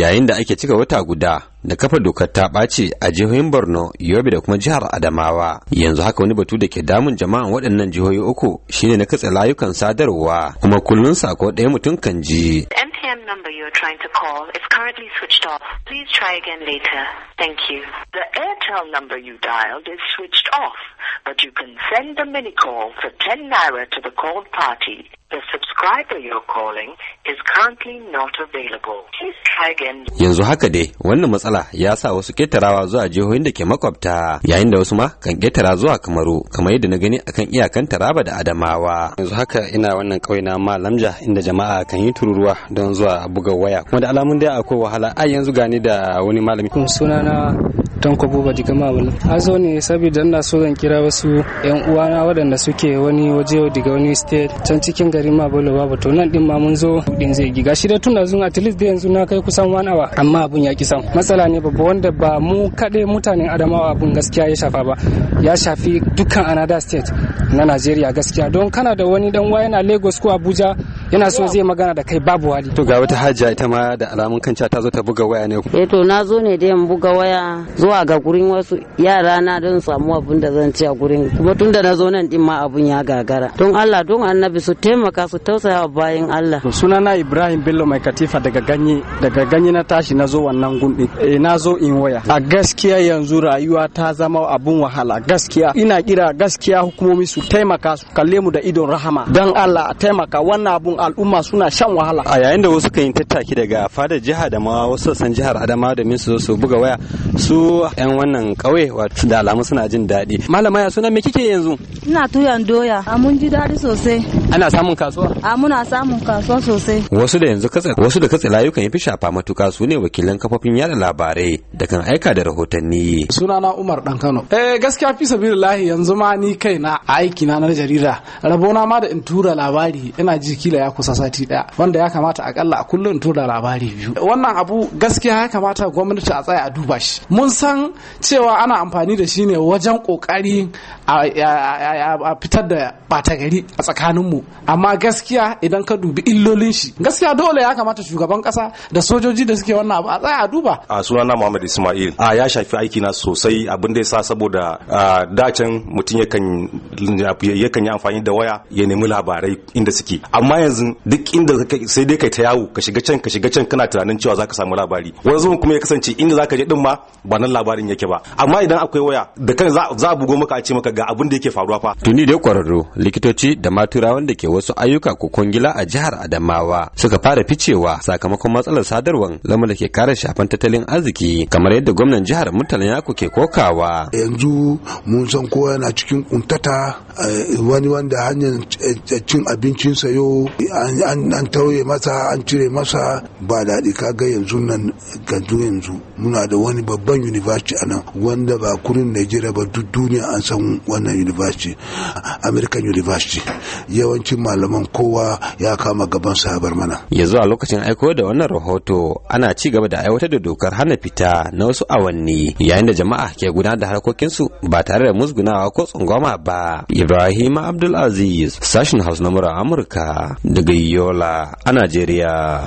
yayin da ake cika wata guda da kafa dokar ta ɓaci a jihohin borno yobe da kuma jihar adamawa yanzu haka wani batu da ke damun jama'an waɗannan jihohi uku shine na katse layukan sadarwa kuma kullum sako ɗaya mutum kan ji MTM number you are trying to call is currently switched off. Please try again later. Thank you. The Airtel number you dialed is switched off, but you can send a mini call for 10 naira to the called party Yanzu haka dai wannan matsala ya sa wasu ketarawa zuwa jihohin da ke makwabta yayin da wasu ma kan ketara zuwa kamaru kamar yadda na gani akan iyakan taraba da adamawa. Yanzu haka ina wannan kauye na Malamja inda jama'a kan yi tururuwa don zuwa buga waya kuma da alamun dai akwai wahala a yanzu gani da wani malami. Sunana tanko buba diga ma an zo ne saboda ina so zan kira wasu yan uwana waɗanda suke wani waje diga wani state can cikin garin mabulin babu to nan din ma mun zo din zai giga shi da tun da zun at least da yanzu na kai kusan wani awa amma abun ya kisan matsala ne babba wanda ba mu kaɗai mutanen adamawa abun gaskiya ya shafa ba ya shafi dukkan another state na najeriya gaskiya don kana da wani dan uwa yana lagos ko abuja yana so zai magana da kai babu hali to ga wata hajja ita ma da alamun kanta ta zo ta buga waya ne eh to na zo ne da in buga waya zuwa ga gurin wasu yara na don samu abin da zan ci a gurin kuma tun na zo nan din ma abun ya gagara don Allah don annabi su taimaka su tausaya wa bayan Allah sunana Ibrahim Bello mai katifa daga ganye daga ganye na tashi na zo wannan gundi eh na zo in waya a gaskiya yanzu rayuwa ta zama abun wahala gaskiya ina kira gaskiya hukumomi su taimaka su kalle mu da idon rahama dan Allah a taimaka wannan abun al'umma suna shan wahala a yayin da wasu kan yi tattaki daga fadar jiha da ma wasu sassan jihar adama min su zo su buga waya su yan wannan kauye wato da alamu suna jin daɗi malama ya suna me kike yanzu ina tuyan doya a mun ji daɗi sosai ana samun kasuwa a muna samun kasuwa sosai wasu da yanzu katsa wasu da katsa layukan yafi shafa matuka su ne wakilan kafofin yada labarai da kan aika da rahotanni sunana Umar dan Kano eh gaskiya fi sabilillahi yanzu ma ni kai na aiki na na jarida rabona ma da in tura labari ina ji kila ya kusa sati ɗaya. wanda ya kamata akalla a kullum in tura labari biyu wannan abu gaskiya ya kamata gwamnati a tsaya a duba shi mun san cewa ana amfani da shi ne wajen kokari a a fitar da bata gari a tsakaninmu amma gaskiya idan ka dubi illolin shi gaskiya dole ya kamata shugaban kasa da sojoji da suke wannan abu a tsaya a duba a sunana Muhammad Ismail a ya shafi aiki na sosai abin da sa saboda dacen mutum yakan yakan yi amfani da waya ya nemi labarai inda suke amma yanzu duk inda sai dai kai ta yawo ka shiga can ka shiga can kana tunanin cewa zaka samu labari wani zuwan kuma ya kasance inda zaka je din ma ba nan labarin yake ba amma idan akwai waya da kan za a bugo maka a ce maka ga abin da yake faruwa ba. tuni da kwararru likitoci da matura da ke wasu ayyuka ko kwangila a jihar adamawa suka fara ficewa sakamakon matsalar sadarwar lamar da ke kare shafan tattalin arziki kamar yadda gwamnan jihar murtala yako ke kokawa yanzu mun san kowa yana cikin kuntata eh, wani wanda hanyar eh, cin abincin sayo an tauye masa an cire masa ba daɗi ga yanzu nan gandu yanzu muna da wani babban university a nan wanda ba kurin najeriya ba duk duniya an san wannan university university american university yawancin malaman kowa ya kama gaban sabar mana Ya zuwa lokacin aiko da wannan rahoto ana ci gaba da aiwatar da dokar hana fita na wasu awanni yayin da jama'a ke gudanar da harkokinsu ba tare da musgunawa ko tsangwama ba ibrahim abdulaziz sashin house na amurka daga yola a najeriya